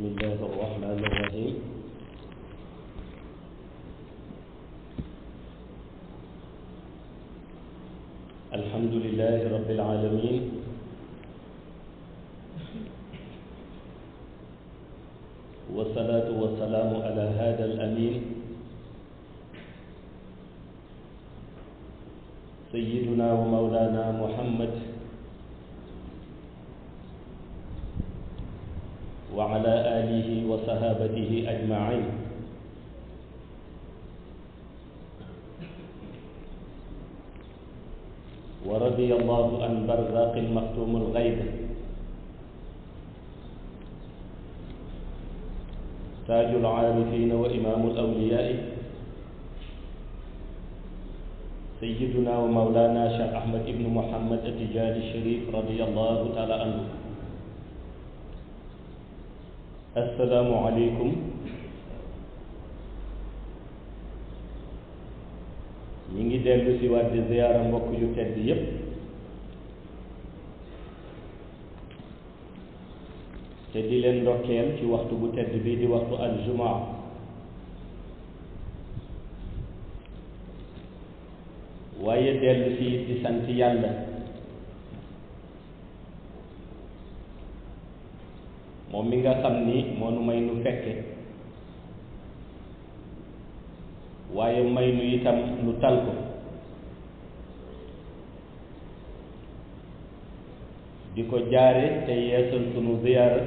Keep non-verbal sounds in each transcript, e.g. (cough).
بسم الله الرحمن الرحيم الحمد لله رب العالمين والصلاة والسلام على هذا الأمين سيدنا ومولانا محمد wa ala alihi wa sahabatihi ajmain wa radiya allahu an barzaqil maktumul gayb taajul aarifina wa imaamul awliyaai sayyiduna wa mawlana Cheikh Ahmad ibnu Muhammad Atijaani Cherif radiyallahu taala anhu assalaamu aleykum ñi ngi dellu si waat di ziyaara mbokk yu tedd yépp te di leen ndokkeel ci waxtu bu tedd bi di waxtu aljumaa waaye dellu si di sant yàlla moom mi nga xam ni moo may nu fekke waaye may nu itam nu tal ko di ko jaare te yeesal sunu ziyaara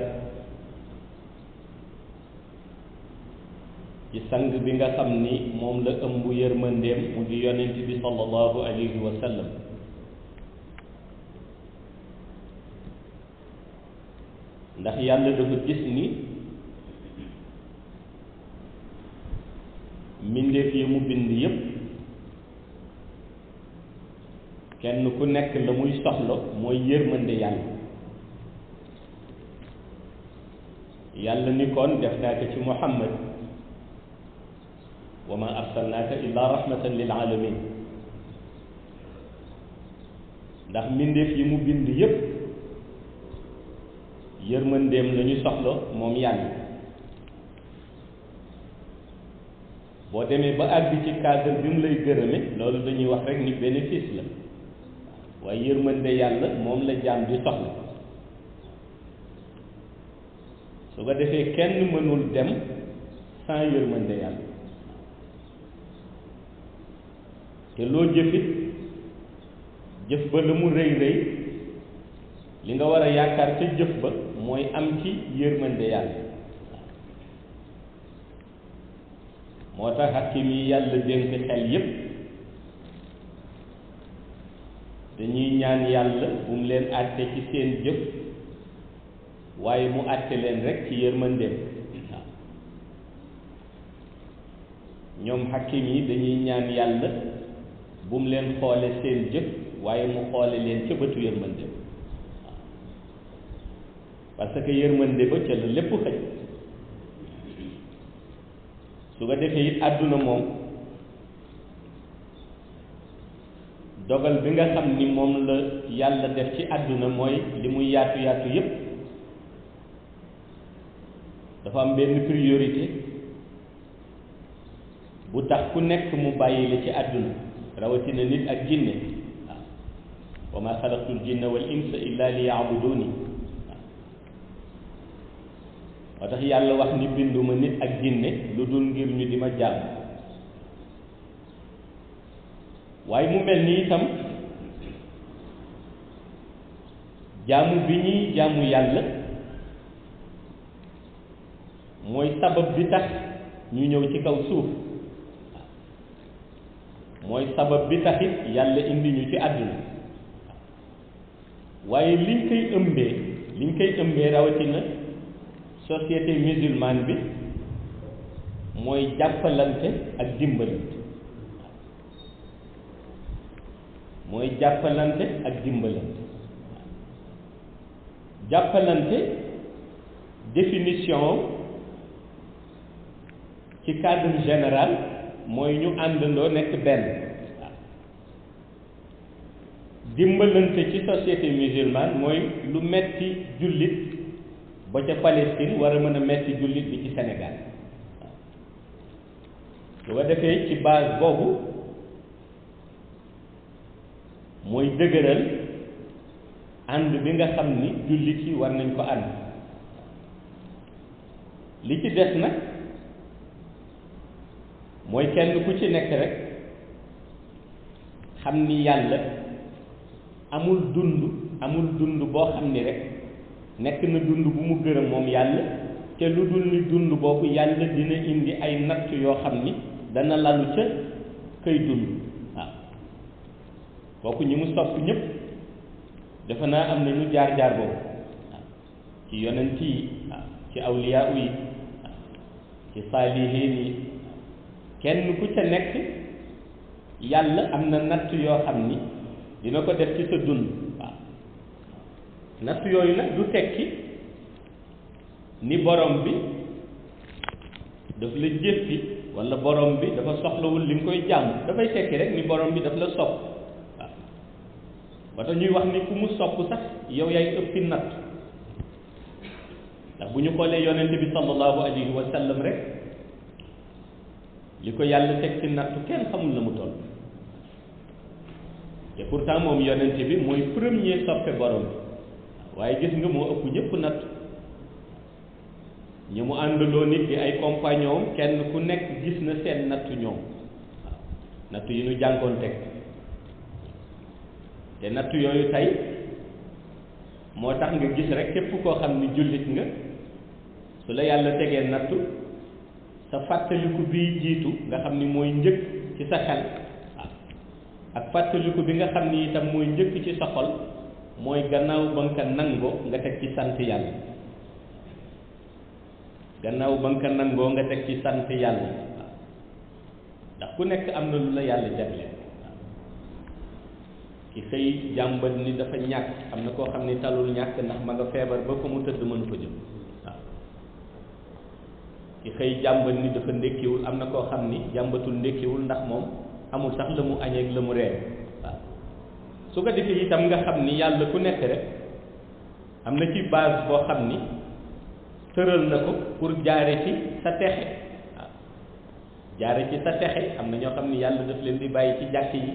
ci sang bi nga xam ni moom la ëmb yërmandeem mu di yonent bi sallallahu alayhi wa ndax yàlla dafa gis ni mbindeef yi mu bind yépp kenn ku nekk la muy soxla mooy yërmande yàlla yàlla ni kon def naa ci muhammad wa ma arsalnaaka illa rahmatan lil alamin ndax mbindeef yi mu bind yépp yërmandeem la ñu soxla moom yàlla boo demee ba àgg ci cadre bi mu lay gërëme loolu dañuy wax rek ni bénéfice la waaye yërmande yàlla moom la jaam bi soxla su ko defee kenn mënul dem sans yërmande yàlla te loo jëfit jëf ba la mu rëy rëy li nga war a yaakaar ca jëf ba mooy am ci yërmande yàlla moo tax xakim yi yàlla dénk xel yépp dañuy ñaan yàlla bu leen àtte ci seen jëf waaye mu àtte leen rek ci yërmandeem ñoom xakim yi dañuy ñaan yàlla bumu leen xoole seen jëf waaye mu xoole leen ca bëtu yërmandeem parce que yërmande ba ca la lépp xëj su ko defee it àdduna moom dogal bi nga xam ni moom la yàlla def ci àdduna mooy li muy yaatu yaatu yépp dafa am benn priorité bu tax ku nekk mu bàyyi ci àdduna rawatina nit ak jinne waaw wa ma xalaqtul jinna wal insa illa li yaabuduni moo tax yàlla wax ni binduma nit ak jinne lu dul ngir ñu di ma jàmm waaye mu mel ni itam jaamu bi ñuy jaamu yàlla mooy sabab bi tax ñu ñëw ci kaw suuf mooy sabab bi taxit yàlla indi ñu ci àdduna waaye liñ koy ëmbee liñ koy ëmbee rawatina société musulmane bi mooy jàppalante ak dimbalante mooy jàppalante ak dimbalante jàppalante définition ci cadre général mooy ñu àndandoo nekk benn dimbalante ci société musulmane mooy lu metti jullit boo ca Palestine war a mën a metti jullit bi ci senegal lu ko defee ci base boobu mooy dëgëral ànd bi nga xam ni jullit yi war nañ ko ànd li ci des nag mooy kenn ku ci nekk rek xam ni yàlla amul dund amul dund boo xam ni rek nekk na dund bu mu gërëm moom yàlla te lu dul ni dund boobu yàlla dina indi ay natt yoo xam ni dana lalu ca kay dund waaw ñi mu sopp ñépp dafa naa am nañu jaar-jaar boobu waaw ci yonent yi waaw ci awliyaa yi ci saalihiin yi kenn ku ca nekk yàlla am na natt yoo xam ni dina ko def ci sa dund natt yooyu nag du tekki ni borom bi daf la jéppi walla borom bi dafa soxlawul li nga koy jàmm dafay tekki rek ni borom bi daf la sopp waaw ba ñuy wax ni ku mu sopp sax yow yaay ëppi natt ndax bu ñu xoolee yonent bi sallallahu alayhi wa sallam rek li ko yàlla teg ci nattu kenn xamul la mu toll te pourtant moom yonent bi mooy premier soppe borom waaye gis nga moo ëpp ñëpp natt ñi mu àndaloo nit ki ay compagnon kenn ku nekk gis na seen nattu ñoom waaw nattu ñu jàngoon teg te nattu yooyu tay moo tax nga gis rek képp koo xam ni jullit nga su la yàlla tegee nattu sa fàttaliku bi jiitu nga xam ni mooy njëkk ci sa xel waaw ak fàttaliku bi nga xam ni itam mooy njëkk ci sa xol mooy gannaaw ba nga ko nangoo nga teg ci sant yàlla gannaaw ba nga ko nangoo nga teg ci sant yàlla ndax ku nekk am na lu la yàlla jagleel ki xëy jàmbat ni dafa ñàkk am na koo xam ni talul ñàkk ndax ma nga feebar ba fa mu tëdd mënu fa jëm ki xëy jàmbat ni dafa ndékkiwul am na koo xam ni jàmbatul ndékkiwul ndax moom amul sax la mu añeeg la mu reer su ko defee itam nga xam ni yàlla ku nekk rek am na ci base boo xam ni tëral na ko pour jaare ci sa texe waaw jaare ci sa texe am na ñoo xam ne yàlla daf leen di bàyyi ci jàkk yi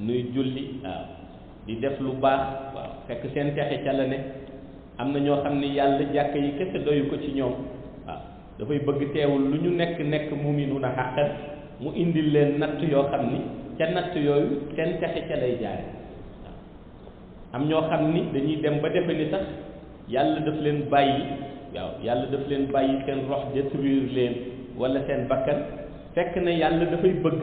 nuy julli waaw di def lu baax waaw fekk seen texe ca la ne am na ñoo xam ne yàlla jàkk yi kese doyu ko ci ñoom waaw dafay bëgg teewul lu ñu nekk nekk muminuna xàqan mu indil leen natt yoo xam ni ca natt yooyu seen texe ca lay jaare am ñoo xam ni dañuy dem ba defe ni tax yàlla daf leen bàyyi waaw yàlla daf leen bàyyi seen rox détruire leen wala seen bakkan fekk na yàlla dafay bëgg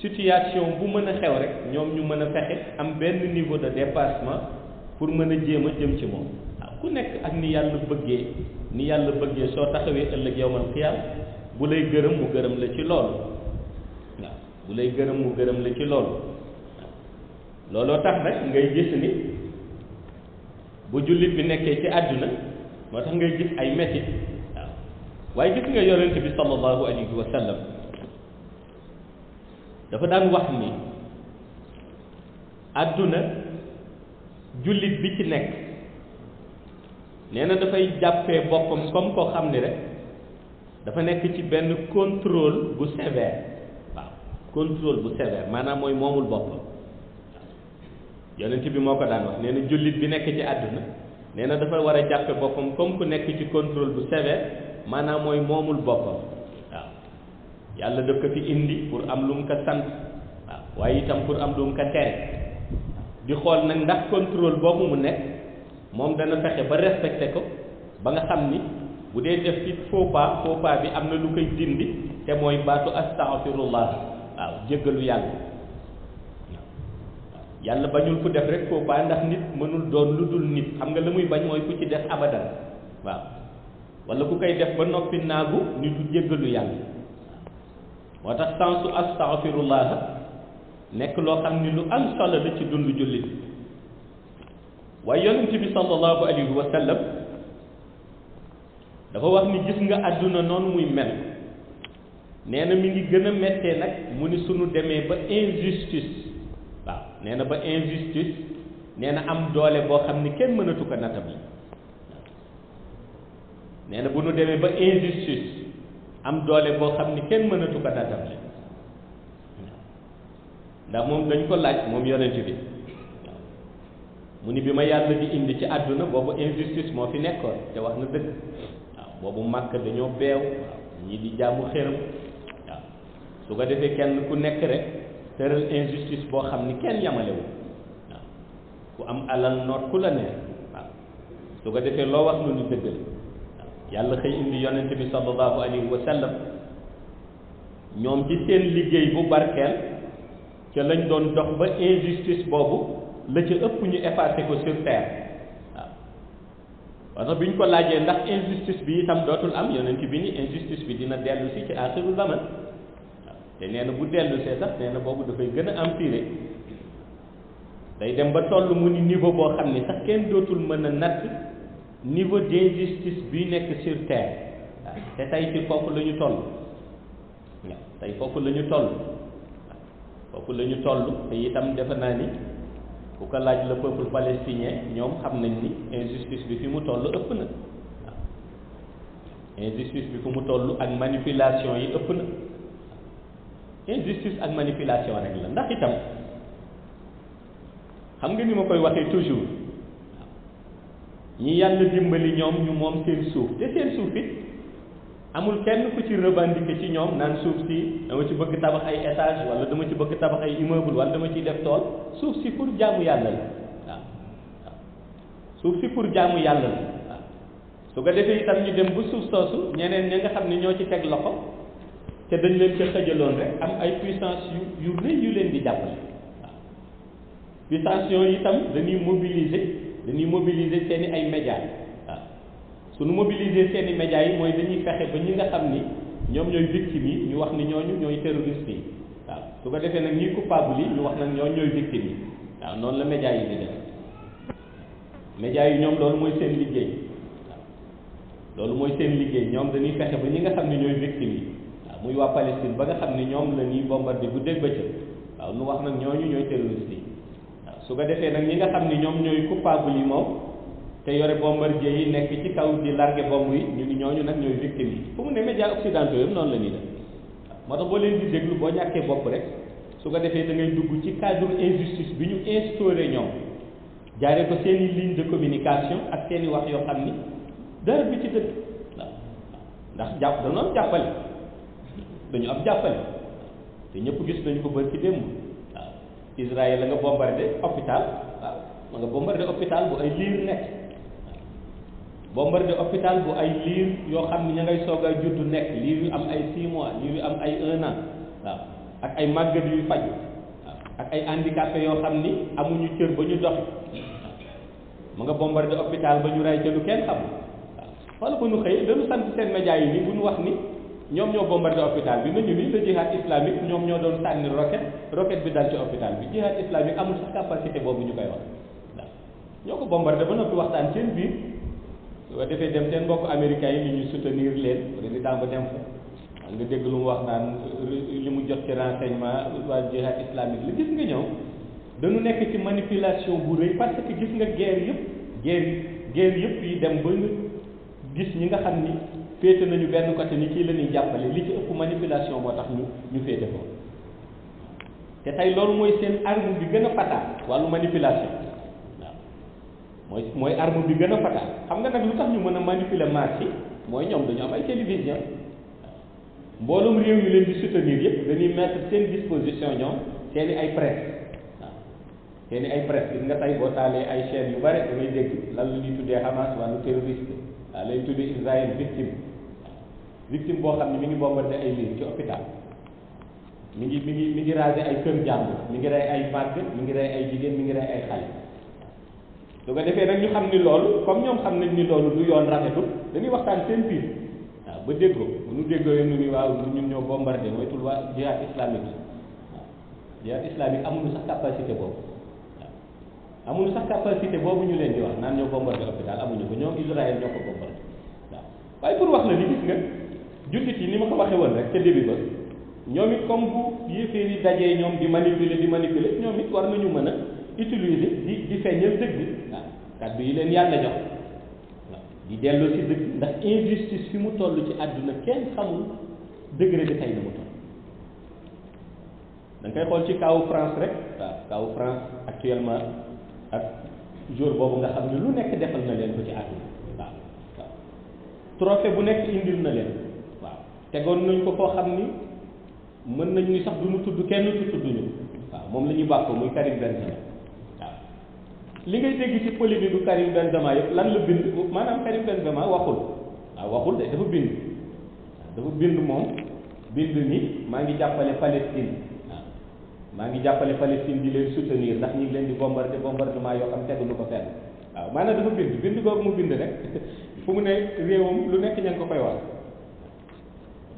situation bu mën a xew rek ñoom ñu mën a fexe am benn niveau de dépassement pour mën a jéem a jëm ci moom waaw ku nekk ak ni yàlla bëggee ni yàlla bëggee soo taxawee ëllëg yow man xiyaam bu lay gërëm mu gërëm la ci loolu waaw bu lay gërëm mu gërëm la ci loolu looloo tax rek ngay gis ni bu jullit bi nekkee ci àdduna moo tax ngay gis ay metit waaw waaye gis nga yonent bi sallallahu alayhi wa dafa daan wax ni àdduna jullit bi ci nekk nee na dafay jàppe boppam comme koo xam ni rek dafa nekk ci benn control bu sévère waaw contrôle bu sévère maanaam mooy moomul boppam yonent bi moo ko daan wax nee na jullit bi nekk ci àdduna nee na dafa war a jàppe boppam comme ku nekk ci contrôle bu sévère maanaam mooy moomul boppam waaw yàlla dëkk ko fi indi pour am lu mu ko sant waaw waaye itam pour am lu mu ko tere di xool nag ndax contrôle boobu mu nekk moom dana fexe ba respecté ko ba nga xam ni bu dee def ci faux pas faux pas bi am na lu koy dindi te mooy baatu astaghfirullah waaw jéggalu yàlla yàlla bañul ku def rek faux pas ndax nit mënul doon lu dul nit xam nga la muy bañ mooy ku ci def abadan waaw wala ku koy def ba noppi naagu ni du jéggalu yàlla moo tax sensu astaghfirullah nekk loo xam ni lu am solo la ci dundu jullit waaye yonent bi sallallahu alayhi wa dafa wax ni gis nga àdduna noonu muy mel nee na mi ngi gën a méttee nag mu ni sunu demee ba injustice nee na ba injustice nee na am doole boo xam ni kenn mënatu ko natab li nee bu nu demee ba injustice am doole boo xam ne kenn mënatu ko natab li ndax moom dañ ko laaj moom yonent bi mu ni bi ma yàlla di indi ci àdduna boobu injustice moo fi nekkoon te wax na dëgg waaw boobu màkk dañoo beew waaw ñii di jaamu xërëm waaw su ko defee kenn ku nekk rek tëral injustice boo xam ni kenn yamalewu waaw ku am alal noot ku la neex waaw su ko defee loo wax loolu dëggal waaw yàlla xëy indi yonent bi sallallahu alayhi wa sallam ñoom ci seen liggéey bu barkeel ca lañ doon dox ba injustice boobu la ca ëpp ñu effacé ko sur terre waaw parce bi ñu ko laajee ndax injustice bi itam dootul am yonent bi ni injustice bi dina dellu ci aaxirul zaman te nee bu dellusee sax nee na boobu dafay gën a empiré day dem ba tollu mu ni niveau boo xam ni sax kenn dootul mën a natt niveau d'injustice bi nekk sur terre te tey ci foofu lañu ñu toll waaw tey foofu lañu ñu toll foofu la te itam defe naa ni ku ko laaj le peuple palestinien ñoom xam nañ ni injustice bi fi mu toll ëpp na waaw injustice bi fi mu toll ak manipulation yi ëpp na. injustice ak manipulation rek la ndax itam xam nga ni ma koy waxee toujours ñi yàlla dimbali ñoom ñu moom seen suuf te seen suuf it amul kenn ku ci revendiquer ci ñoom naan suuf si dama ci bëgg tabax ay étage wala dama ci bëgg tabax ay immeuble wala dama ciy def tool suuf si pour jaamu yàlla la waaw suuf si pour jaamu yàlla la waaw su ko defee itam ñu dem bu suuf soosu ñeneen ña nga xam ne ñoo ci teg loxo te dañ leen ca xëjaloon rek am ay puissance yu yu rëy yu leen di jàppale waaw puissance yooyu itam dañuy mobiliser dañuy mobiliser seen i ay médias yi waaw suñu mobiliser seen i médias yi mooy dañuy fexe ba ñi nga xam ni ñoom ñooy victimes yi ñu wax ni ñooñu ñooy terroristes yi waaw su ko defee nag ñuy coupable yi ñu wax nag ñooñu ñooy victimes yi waaw noonu la médias yi di def médias yi ñoom loolu mooy seen liggéey waaw loolu mooy seen liggéey ñoom dañuy fexe ba ñi nga xam ne ñooy victimes yi muy waa Palestine ba nga xam ne ñoom la ñuy bombardé guddeeg bëccëg waaw lu wax nag ñooñu ñooy terroriste yi waaw su ko defee nag ñi nga xam ni ñoom ñooy coupable yi moom te yore bombardier yi nekk ci kaw di largué bomb yi ñu ñooñu nag ñooy victime yi fu mu ne médias occidentaux yëpp noonu la ñuy def moo tax boo leen di déglu boo ñàkkee bopp rek su ko defee da ngay dugg ci cadre injustice bi ñu instauré ñoom jaaree ko seen i de communication ak seen i wax yoo ni dara bi ci dëkk jàpp danoon jàppale dañu am jàppale te ñëpp gis nañu ko bari ci démb waaw Israël la nga bombardé waaw ma nga bombardé hôpital bu ay liir nekk bombardé hôpital bu ay liir yoo xam ne ña ngay soog a juddu nekk liir yu am ay 6 mois liir yu am ay 1 an waaw ak ay màggat yuy faju waaw ak ay handicapé yoo xam ni amuñu cër ba ñu doxi ma nga bombardé hôpital ba ñu rey ca lu kenn xamul waaw wala ko ñu xëy dañu sant seen média yi ni bu ñu wax ni ñoom ñoo bombardé hôpital bi ñu lii la jihad islamique ñoom ñoo doon sànni roquette roquette bi dal ci hôpital bi jihad islamique amul sax capacité boobu ñu koy wax ñoo ko bombardé ba noppi waxtaan seen biir soo defee dem seen mbokk américains yi ñu ñu soutenir leen président ba dem fa nga dégg lu mu wax naan euh, mu jot ci renseignement waa jihad islamique la gis nga ñëw dañu nekk ci manipulation bu rëy parce que gis nga guerre yëpp guerre guerre yëpp yi dem ba nga ñi nga xam ni féete nañu benn côté ni kii la ñuy jàppale li ci ëpp manipulation moo tax ñu ñu féete ko te tey loolu mooy seen arme bi gën a fataal wàllu manipulation waaw mooy mooy arme bi gën a fataal xam nga nag lu tax ñu mën a manipuler marché mooy ñoom dañu am ay télévision mboolum réew yu leen di soutenir yëpp dañuy mettre seen disposition ñoom seen i ay presse seen i ay presse gis nga tey boo ay chaînes yu bare da ngay dégg lan la ñuy tuddee Hamas wàllu terroriste waaw lay tuddee Israël victime boo xam ne mi ngi bombardé ay liir ci hôpital mu ngi mi ngi mi ngi rasé ay kër jàmbur mi ngi rey ay màgg mi ngi rey ay jigéen mi ngi rey ay xale su ko defee nag ñu xam ni loolu comme ñoom xam nañ ni loolu du yoon rafetul dañuy waxtaan seen biir waaw ba déggoo bu ñu déggoo yéen ñu ni waaw ñun ñoo bombardé mooy tul waa jihaad islamique la waaw jihaad islamique amuñu sax capacité boobu waaw amuñu sax capacité boobu ñu leen di wax naan ñoo bombardé hôpital amuñu ko ñoom Israël ñoo jullit yi ni ma ko waxee woon rek ca début ba ñoom it comme bu yéeféer yi dajee ñoom di manipuler di manipuler ñoom it war nañu mën a utiliser di di feeñal dëgg waaw kàddu yi leen yàlla jox waaw di delloo dëgg ndax injustice fi mu toll ci àdduna kenn xamul degré bi tey na mu toll da xool ci kawu France rek waaw kawu France actuellement ak jour boobu nga xam ne lu nekk defal na leen ko ci àdduna waaw trophée bu nekk indil na leen tegoon nañ ko koo xam ni mën nañ ni sax du mu tudd kenn ci tudd ñu waaw moom la ñuy bàkkoo muy Karim Benzema waaw li ngay dégg ci polémique bu Karim Benzema lan la bind maanaam Karim Benzema waxul waaw waxul de dafa bind dafa bind moom bind ni maa ngi jàppale Palestine waaw maa ngi jàppale Palestine di leen soutenir ndax ñu ngi leen di bombardé bombardement yoo xam teguñu ko fenn waaw maanaam dafa bind bind googu mu bind rek (laughs) fu mu ne réewam lu nekk ña ko koy wax.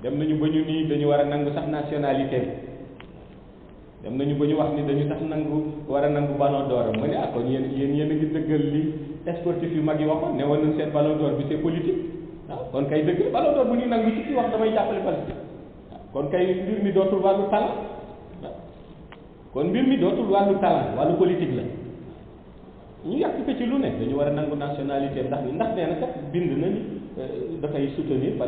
dem nañu ba ñu nii dañu war a nangu sax nationalité bi dem nañu ba ñu wax ni dañu sax nangu war a nangu ballon d'or ma ne ah kon yéen yéen ngi dëggal li sportif yu mag yi waxoon ne woon nañ seen ballon bi c'est politique ah, kon kay dëgg ballon d'or bu ñuy nangu ci wax damay jàppale Palestine ah, kon kay mbir mi dootul wàllu talent ah, kon mbir mi dootul wàllu talent wàllu politique la ñu yàq ko ci lu ne dañu war a nangu nationalité ndax ndax nee na bind na ni euh, dafay soutenir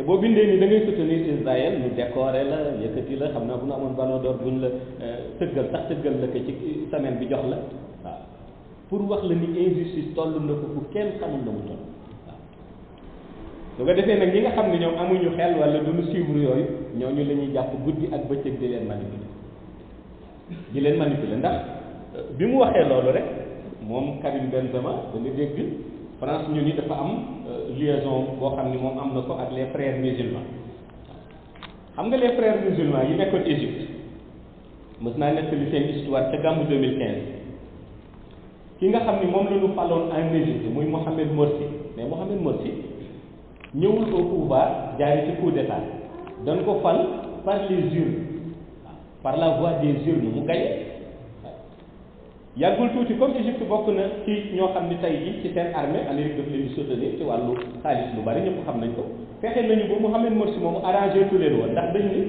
te boo bindee ni da ngay soutenir Israël ñu décorer la yëkkati la xam naa bu ñu amoon ballon d'or buñ la euh, tëggal sax tëggal la ci semaine bi jox la waaw pour wax la ni injustice toll na ko fu kenn xamul na mu toll waaw su ko defee nag ñi nga xam ne ñoom amuñu xel wala duñu suivre yooyu ñooñu la ñuy jàpp guddi ak bëccëg di leen manipuler di leen manipuler ndax euh, bi mu waxee loolu rek moom Karim Benzema da nga dégg. France ñu ni dafa am euh, liaison boo xam ni moom am na ko ak les frères musulmans xam nga les frères musulmans yi nekkoon Égypte mës naa nettali seen histoire ca gàmmu ki nga xam ni moom la faloon en Égypte muy Mohamed Morsi mais Mohamed Morsi ñëwul au pouvoir jaaree ci coup d'état dañ ko fal par les urnes par la voie des urnes mu gañe yàggul tuuti comme Égypte bokk na ci ñoo xam ne tey jii ci seen armée Amérique daf leen di soutenir ci wàllu xaalis lu bari ñëpp xam nañ ko fexe nañu ba Mouhamed Morsi moomu arrangé tu leen woon ndax dañ ni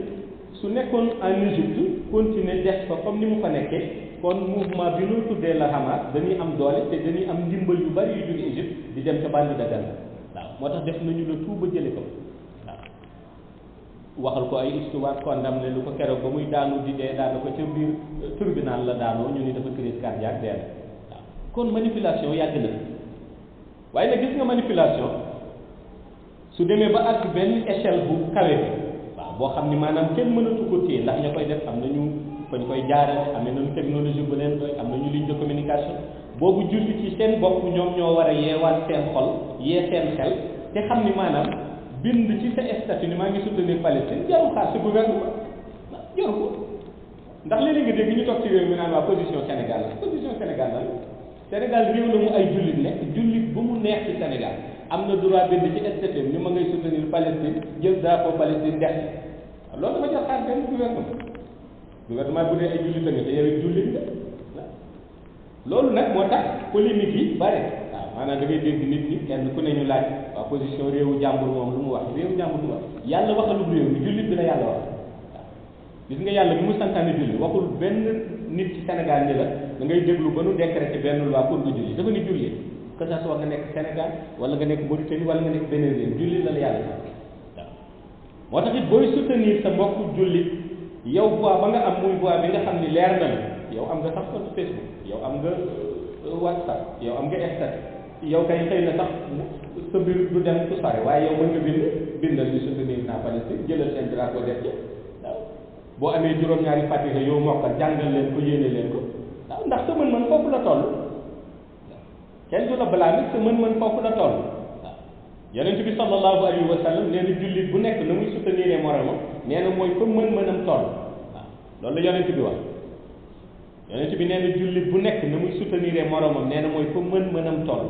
su nekkoon en Égypte continuer def ko comme ni mu fa nekkee kon mouvement bi ñu tuddee la Hamas dañuy am doole te dañuy am ndimbal yu bari yu jóge Égypte di dem ca bande de Gaza waaw moo tax def nañu le tout ba jële ko waxal ko ay histoire condamné lu ko keroog ba muy daanu di dee daanu ko ca biir euh, tribunal la daanoo ñu ni dafa crise cardiaque dee waaw kon manipulation yàgg na waaye nag gis nga manipulation su demee ba ak benn échelle bu kawe bi waaw boo xam ni maanaam kenn mënatu ko téye ndax ña koy def am nañu fañ koy jaarale am nañu technologie bu leen doy am nañu ligne de communication boobu julli ci seen bopp ñoom ñoo war a yeewaat seen xol yee seen xam ni maanaam bind ci sa statut ni maa ngi soutenir Palestine jarul xaar si gouvernement jarul ko ndax léeg-léeg nga dégg ñu toog ci réew mi naan waa position Sénégal la position Sénégal la Sénégal réew la mu ay jullit nekk jullit bu mu neex ci Sénégal am na droit bind ci statut ni ma ngay soutenir Palestine jël drapeau Palestine def loolu dama jar xaar benn gouvernement gouvernement bu dee ay jullit a nga te loolu nag moo tax yi bare maanaam da ngay dégg nit ñi kenn ku ne ñu laaj waa position réewu jàmbur moom lu mu wax réewu jàmbur du wax yàlla waxalul réew mi jullit bi la yàlla wax waaw nga yàlla bi mu santaane julli waxul benn nit ci Sénégal ni la da ngay déglu ba nu décrété benn loi pour nga julli dafa ni julli que ça nga nekk Sénégal wala nga nekk Mauritanie wala nga nekk beneen réew la la yàlla wax waaw moo tax it booy soutenir sa mbokku jullit yow voix ba nga am muy voix bi nga xam ni leer na yow am nga sax compte yow am nga euh, WhatsApp yow am yow kay xëy na sax sa mbir du dem su sore waaye yow mën nga bind bindal di soutenir naa Palestine jëlal seen drapeau def ci waaw boo amee juróom-ñaari fatiha yow mokkal jàngal leen ko yéene leen ko waaw ndax sa mën-mën foofu la toll kenn du la blâmer sa mën-mën foofu la toll waaw bi sallallahu alayhi wa sallam nee na jullit bu nekk na muy soutenir moromam nee na mooy ko mën-mënam toll waaw loolu la yonent bi bi nee na jullit bu nekk na muy soutenir moromam nee na mooy ko mën-mënam toll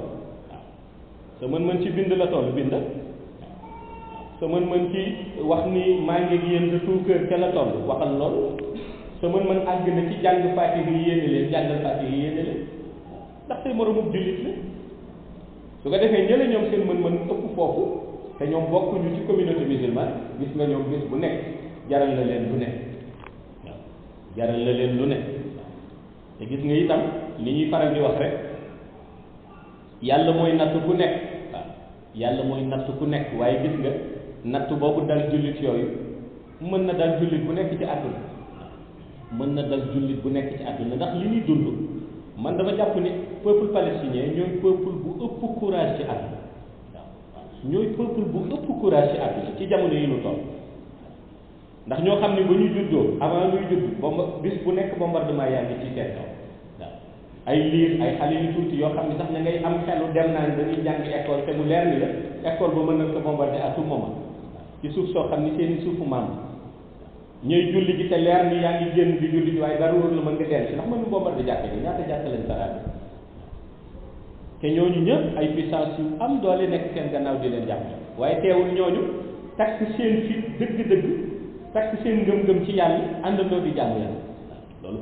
sa mën man ci bind la toll bind sa mën-mën ci wax ni maa ngi yéen sa tuukër ca la toll waxal loolu sa mën-mën àgg na ci jàng fatiha yi yéene leen jàngal fatiha yi yéene leen ndax say moromub jullit la su ko defee ñële ñoom seen mën-mën ëpp foofu te ñoom bokkuñu ci communauté musulmane gis nga ñoom bis bu nekk jaral la leen lu ne jaral la leen lu ne te gis nga itam li ñuy faral di wax rek yàlla mooy natt bu nekk yàlla mooy natt ku nekk waaye gis nga natt boobu dal jullit yooyu mën na dal jullit bu nekk ci àdduna mën na dal jullit bu nekk ci àdduna ndax li ñuy dund man dama jàpp ni peuple palestinien ñooy peuple bu ëpp courage ci àdduna waaw ñooy peuple bu ëpp courage ci àdduna ci jamono yi ñu toll ndax ñoo xam ni ba ñu juddoo avant ñuy judd bomba bis bu nekk bombardement yaa ngi ci seen ay liir ay xale yu tuuti yoo xam ne sax na ngay am xelu dem naa ne dañuy jàngi école te mu leer ni la école ba mën na ko bombardé à tout moment ci suuf soo xam ni seeni suufu maam ñooy julli ji te leer ni yaa ngi génn di julli ji waaye dara wóor la mën nga dellu si ndax mënuñu bombardé jàkka ji ñaata jàkka lañ saraabi te ñooñu ñëpp ay puissance yu am doole nekk seen gannaaw di leen jàppale waaye teewul ñooñu takk seen fit dëgg-dëgg takk seen ngëm-ngëm ci yàlla àndandoo di jàng yàlla loolu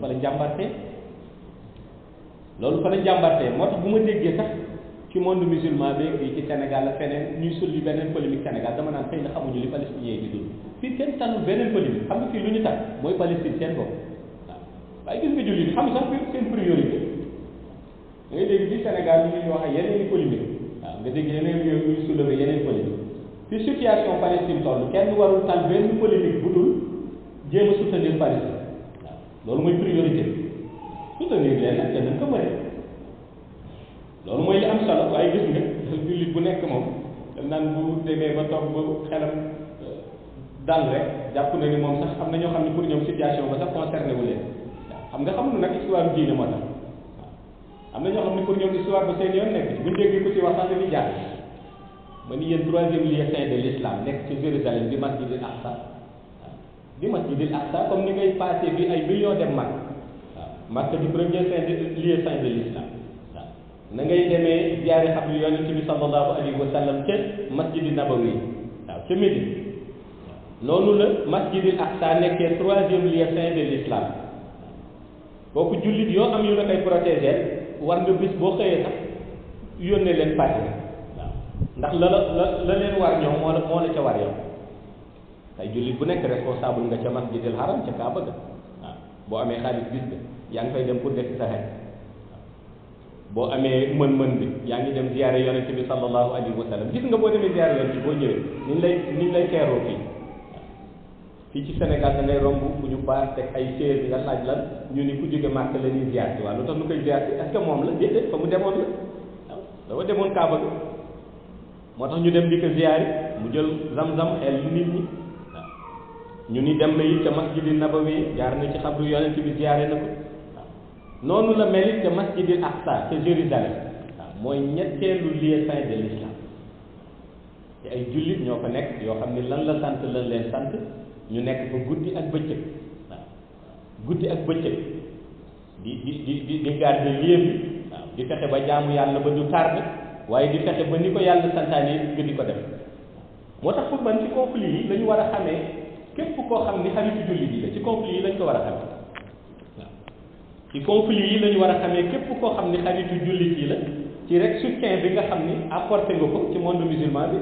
loolu fa la jàmbartee moo tax bu ma déggee sax ci monde musulman beeg yi ci senegal la feneen ñuy sulli beneen polémique senegal dama naan xëy na xamuñu li palestinien yi di dund fii kenn beneen polémique xam nga fii lu ñu tax mooy Palestine seen bopp waaw waaye gis nga jullit xam sax seen priorité da ngay dégg ci Sénégal ñu ngi yeneen i polémique waaw nga dégg yeneen yooyu ñuy soulever yeneen polémique fi situation Palestine toll kenn warul tànn benn polémique bu dul jéem a soutenir Palestine waaw loolu mooy priorité pour leen nag te nañ ko mënee loolu mooy li am solo waaye gis nga (laughs) jullit bu nekk moom naan bu demee ba toog ba xelam euh, dal rek jàpp nañu moom sax xam na ñoo xam ne pour ñoom situation ba sax concerné wu leen xam nga xamul nag histoire diine moo tax am na ñoo xam ne pour ñoom histoire ba seen yoon nekk buñ déggee ko ci wax sax dañuy jàpp ma ni yéen troisième lieu saint de l'islam nekk ci Jérusalem di masjidil Aqsa di masjidil Aqsa comme ni ngay passé bi ay millions dem mag Makka du premier lieu saint de l'islam waaw na ngay demee jaari xam yu yonent bi sallallahu alayhi wa sallam ca masjidi nabawi waaw ca Médine waaw noonu la masjidil aqsa nekkee troisième lieu saint de l'islam boo ko jullit yoo am yu la koy protéger war nga bis boo xëyee sax yónnee leen pàcc waaw ndax la la la leen war ñoom moo la moo la ca war yow tey jullit bu nekk responsable nga ca masjidil haram ca Kaaba ga waaw boo amee xaalis yaa ngi fay dem pour def sa boo amee mën-mën bi yaa ngi dem ziyaare yonente bi sallallahu alayhi wa sallam gis nga boo demee ziyaare yonente boo ñëwee niñ lay niñ lay teeroo fii fii ci Sénégal da ngay romb bu ñu baar teg ay chaise nga laaj lan ñu ni ku jóge Màkka la ñuy ziyaar si waaw lu tax lu koy ziyaar si est moom la déedéet fa demoon la dafa demoon Kaaba bi moo tax ñu dem di ko ziyaari mu jël zam-zam xel lu nit ñi ñu ni dem na it ca masjidi na ci xabru yonente bi noonu la mel ca masjidil aqsa ca Jérusalem waaw mooy ñetteelu lieu saint de l'islam te ay jullit ñoo fa nekk yoo xam ne lan la sant lan leen sant ñu nekk fa guddi ak bëccëg waaw guddi ak bëccëg di di di di di garder lieu bi waaw di fexe ba jaamu yàlla ba du tardé waaye di fexe ba ni ko yàlla santaane nga di ko def moo tax pour man ci conflit yi la war a xamee képp koo xam ni xaritu jullit yi la ci conflit yi lañ ko war a xamee ci conflit yi lañu war a xamee képp koo xam ni xaritu jullit yi la ci rek soutien bi nga xam ni apporté nga ko ci monde musulman bi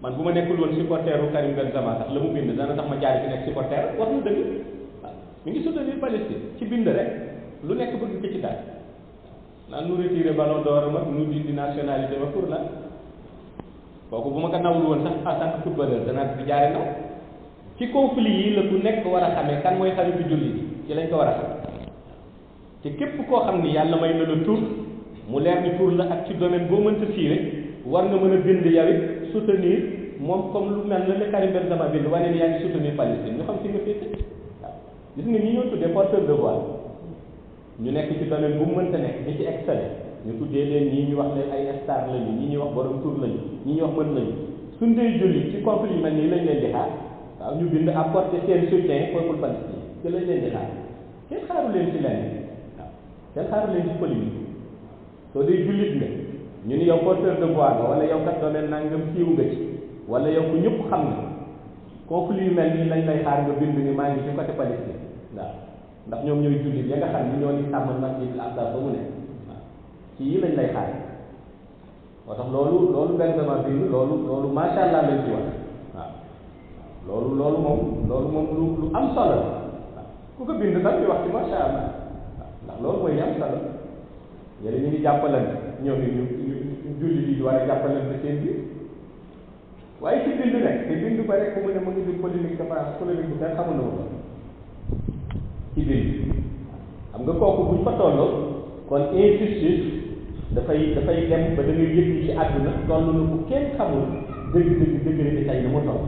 man bu ma nekkul woon supporteru Karim Benzema sax la mu bind dana tax ma jaay ci nekk supporter wax na dëgg waaw ah, mi ngi soutenir Palestine ci bind rek lu nekk bëgg ko ci daal naan nu retiré ballon d'or ma nu dindi nationalité ma pour la kooku bu ma ko nawul woon sax en tant que footballeur danaa ko jaare naw la ku nekk war a xamee kan mooy xaritu jullit ci lañ ko war a xam te képp koo xam ni yàlla may na la tur mu leer ni tur la ak ci domaine boo mënta fiire war nga mën a bind yow it soutenir moom comme lu mel ne Karim Benzema bind wane ni yaa ngi soutenir Palestine ñu xam fi nga féete waaw gis nga ñu nekk ci domaine bu mu mënta nekk di ñu tuddee leen ñii ñu wax ne ay star lañu ñii ñu wax borom tur lañu ñii ñu wax mën lañu suñ dee julli ci conflit yu mel nii lañ leen di xaar waaw ñu bind apporter seen soutien peuple Palestine ci lañ leen di xaar kenn xaaru leen ci lenn kenn xaaru leen ci politique soo dee jullit nga ñu ni yow porteur de voix nga wala yow kat dooneel nangam siiw nga ci wala yow ku ñëpp xam nga kooku luy mel nii lañ lay xaar nga bind ni maa ngi ci côté Palestine waaw ndax ñoom ñooy jullit ya nga xam ni ñoo di sàmm masjidul aqsa ba mu ne waaw ci yi lañ lay xaar moo tax loolu loolu benn bi loolu loolu macha allah lañ ci wax loolu loolu moom ku ko bind nag ñu wax ci macha allah ndax loolu yam solo yéen ñu ngi jàppalante ñoo ngi ñu ñu julli di waaye jàppalante seen biir waaye ci bind nag te bind ba mu ne mu ngi di bu kenn xamul na ko ci bind xam nga kooku buñ fa tolloo kon injustice dafay dafay dem ba da ngay yëg ci àdduna bu kenn xamul dëgg dëgg dëgg rek tay na mu toll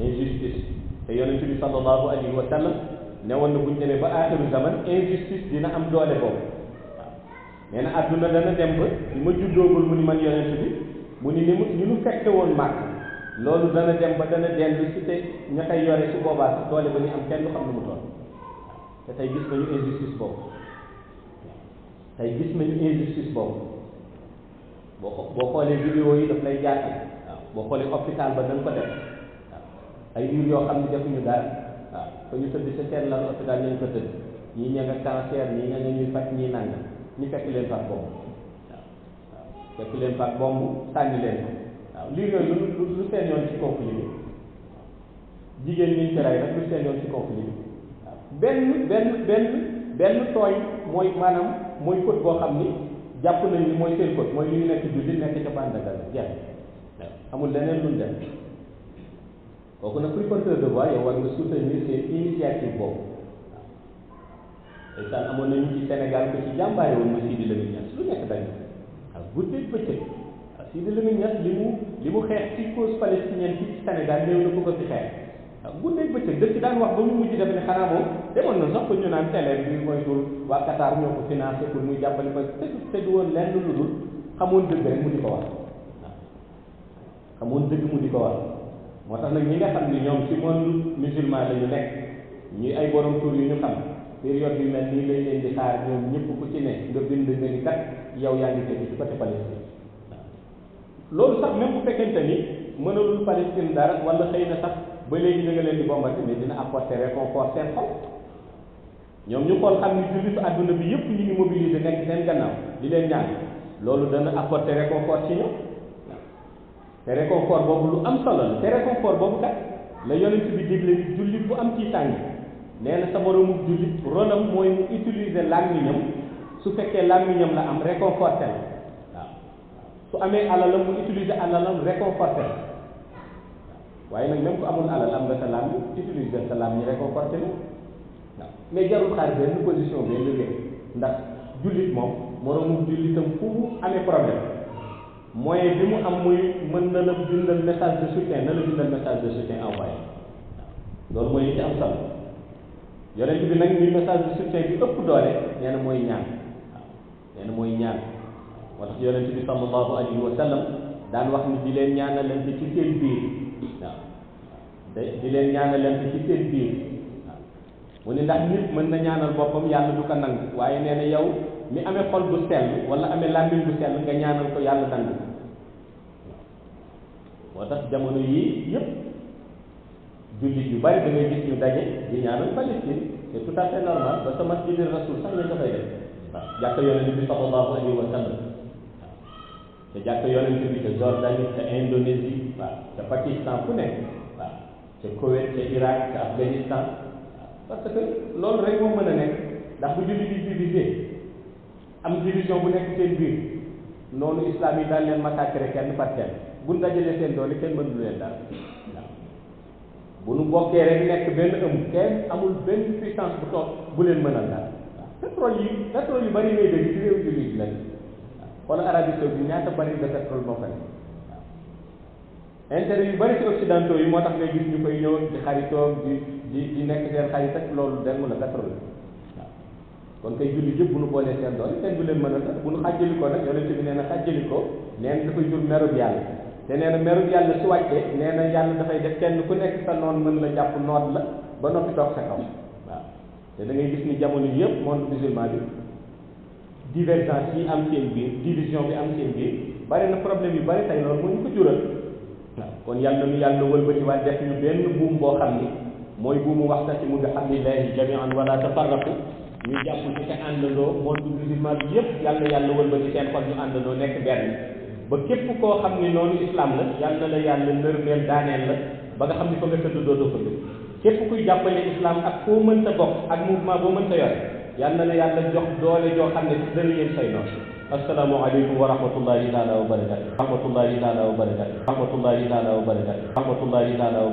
injustice te yonent bi sallallahu alayhi wa sallam ne woon na bu ñu demee ba aaxiru zaman injustice dina am doole boobu waaw nee na adduna dana dem ba li ma juddoogul mu ni man yonent bi mu ni li mu li mu fekke woon màgg loolu dana dem ba dana dellu si te ña koy yore su boobaa sax doole ba ñu am kenn lu xam lu mu toll te tey gis nañu injustice boobu tey gis nañu injustice boobu boo boo xoolee vidéo yi daf lay jaaxal boo xoolee hôpital ba dañ ko def ay jur yoo xam ne defuñu daal waaw fa ñu tëdd sa seen lal hôpital lañ ko tëdd ñii ña nga cancer ñii ñuy faj ñu nanga ñu fekk leen faat bomb waaw fekk leen faat bomb sànni leen ko waaw lii yooyu lu lu seen yoon ci conflit bi jigéen ñi ci rey rek lu seen yoon ci conflit bi waaw benn benn benn tooy mooy maanaam mooy code boo xam ni jàpp nañ ni mooy seen code mooy ñu nekk julli nekk ca bàndagal jeex amul leneen luñ def kooku nag kuy porteur de voix yow war e nga e- soutenir seen ko ci jàmbaare woon mu Sidi Lamine Niass lu nekk dañ waaw guddeeg bëccëg waaw Sidi Lamine Niass li mu li mu xeex ci cause palestinienne ci Sénégal néew na ko ko fi xeex waaw guddeeg bëccëg dëkk daan wax ba mu mujj def ne xanaa moom demoon na sax ko ñu naan télé bi mooy dul waa Qatar ñoo ko financé pour muy jàppale ko te tegu woon lenn lu dul xamoon dëgg rek mu di ko wax xamoon dëgg mu di ko wax moo tax nag ñi nga xam ni ñoom ci monde musulman la ñu nekk ñuy ay borom tur yu ñu xam période yu mel nii lañ leen di xaar ñoom ñëpp ku ci ne nga bind nga ni kat yow yaa ngi tegu ci côté Palestine waaw loolu sax même bu fekkente ni mënalul Palestine dara wala xëy na sax ba léegi ñu nga leen di bombardé mais dina apporter réconfort seen xol ñoom ñu xool xam ni jullitu àdduna bi yëpp ñu ngi mobilisé nekk seen gannaaw di leen ñaan loolu dana apporter réconfort ci te réconfort boobu lu am solo la te réconfort boobu kat la yonent bi digle jullit bu am ci tàng nee na sa moroomu jullit ronam mooy mu utiliser làmmiñam su fekkee làmmiñam la am réconforté la waaw su amee la mu utiliser alalam réconforté la waaye nag même ku amul alal am nga sa làmmiñ utiliser sa làmmiñ réconforté la waaw mais jarul xaar benn bee liggéey ndax jullit moom moroomu jullitam fu amee problème moyen bi mu am muy mën na la bindal message de soutien na la bindal message de soutien envoyé loolu mooy li ci am solo yonent bi nag ñuy message de soutien bi ëpp doole nee mooy ñaan waaw mooy ñaan moo tax yonent bi sallallahu alayhi wa sallam daan wax ni di leen ñaanalante ci seen biir waaw de di leen ñaanalante ci seen biir waaw mu ne ndax nit mën na ñaanal boppam yàlla du ko nangu waaye nee na yow mi amee xol bu sell wala amee làmmiñ bu sell nga ñaanal ko yàlla nangu moo tax jamono yii yëpp jullit yu bari da ngay gis ñu daje di ñaanal Palestine c'est tout à fait ba sa masjidil rasul sax ñu nga fay def waaw jàkk yonent bi sallallahu alayhi wa te jàkk yonent bi te Jordanie te Indonésie waaw te Pakistan fu nekk waaw te Koweït te Irak te Afghanistan waaw parce que loolu rek moo mën a nekk ndax bu jullit yi divisé am division bu nekk seen biir noonu islam yi daan leen massacrer kenn par kenn bu ñu dajalee seen doole kenn mënul leen daal bu nu bokkee rek nekk benn ëmb kenn amul benn puissance bu toog bu leen mënal daal waaw pétrole yi pétrole yu bari ngay dégg ci réew jullit yi lañ xoolal Arabie Saoudite ñaata bari de pétrole moo fa nekk yu bari ci occidentaux yi moo tax ngay gis ñu koy ñëw di xaritoog di di di nekk seen xarit ak loolu dengu la pétrole kon kay julli yëpp bu nu boolee seen doole kenn bu leen mën a def bu nu xàjjali ko nag yonent bi nee na xàjjali ko nee na dafay jur merub yàlla te nee na merub yàlla su wàccee nee na yàlla dafay def kenn ku nekk sa noon mën la jàpp noot la ba noppi toog sa kaw waaw te da ngay gis ni jamono yëpp monde musulman bi divergence yi am seen biir division bi am seen biir bari na problème yu bari tey loolu moo ñu ko jural waaw kon yàlla nu yàlla wëlbatiwaat def ñu benn boo xam ni mooy buumu waxtaan ci mu nga xam ni laahi jamian wala tafarraqu ñu jàpp ci te àndandoo monde musulman bi yëpp yàlla yàlla wëlbati seen xol ñu àndandoo nekk benn ba képp koo xam ne noonu islam la yàlla la yàlla nërmeel daaneel la ba nga xam ni ko nga tëdd doo ko képp kuy jàppale islam ak koo mënta bokk ak mouvement boo mënta yore yàlla la yàlla jox doole joo xam ne dana leen say noonu asalaamaaleykum wa rahmatullahi taala wa barakatu rahmatullahi taala wa barakatu rahmatullahi